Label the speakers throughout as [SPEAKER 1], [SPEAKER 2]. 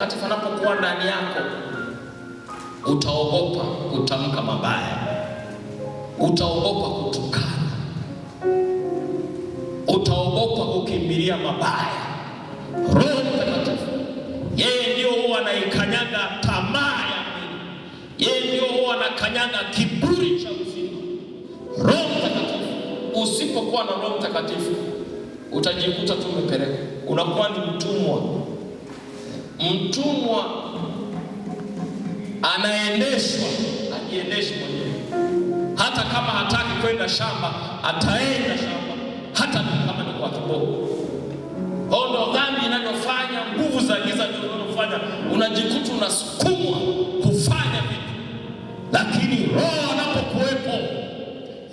[SPEAKER 1] Mtakatifu anapokuwa ndani yako, utaogopa kutamka mabaya, utaogopa kutukana, utaogopa kukimbilia mabaya. Roho Mtakatifu yeye ndio huwa anaikanyaga tamaa ya mwili, yeye ndio huwa anakanyaga kiburi cha uzima. Roho Mtakatifu, usipokuwa na Roho Mtakatifu utajikuta tu umepeleka, unakuwa ni mtumwa mtumwa anaendeshwa, ajiendeshe mwenyewe. Hata kama hataki kwenda shamba, ataenda shamba, hata kama ni kwa kiboko. Kwa ndo dhambi inayofanya, nguvu za giza ndio zinazofanya unajikuta unasukumwa kufanya vitu, lakini roho anapokuwepo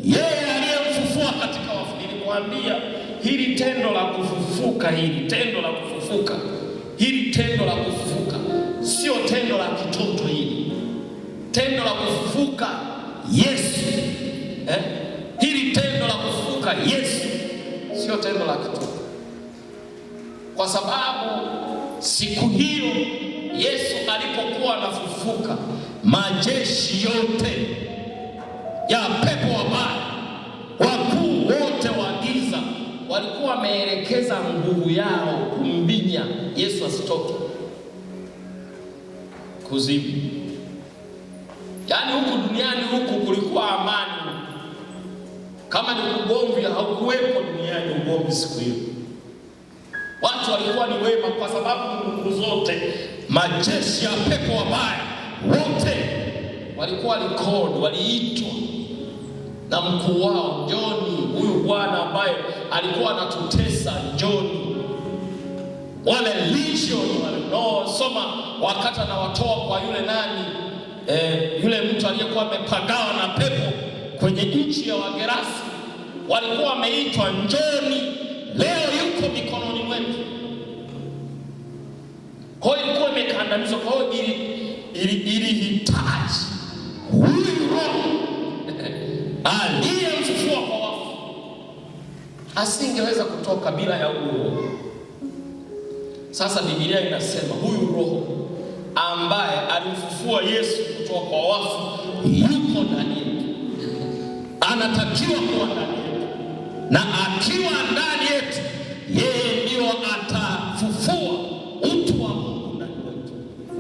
[SPEAKER 1] yeye aliyemfufua katika wafu, nilimwambia hili tendo la kufufuka, hili tendo la kufufuka Hili tendo la kufufuka sio tendo la kitoto hili, tendo la kufufuka Yesu eh? Hili tendo la kufufuka Yesu sio tendo la kitoto, kwa sababu siku hiyo Yesu alipokuwa anafufuka, majeshi yote ya pepo wabaya, wakuu wote wa giza walikuwa wameelekeza nguvu yao kumbi kulia Yesu asitoke kuzimu. Yaani huku duniani huku kulikuwa amani, kama ni ugomvi haukuwepo duniani ugomvi siku hiyo. Watu walikuwa ni wema, kwa sababu nguvu zote, majeshi ya pepo wabaya wote walikuwa record, waliitwa na mkuu wao, njoni, huyu bwana ambaye alikuwa anatutesa, njoni wale legion wanaosoma wakata na watoa kwa yule nani e, yule mtu aliyekuwa amepagawa na pepo kwenye nchi ya Wagerasi, walikuwa wameitwa njoni, leo yuko mikononi mwetu. Kwa hiyo ilikuwa imekandamizwa. Kwa hiyo ilihitaji huyu Roho aliyemfufua kwa wafu, asingeweza kutoka bila ya huo sasa Biblia inasema huyu Roho ambaye alimfufua Yesu kutoka kwa wafu yuko ndani yetu, anatakiwa kuwa ndani yetu, na akiwa ndani yetu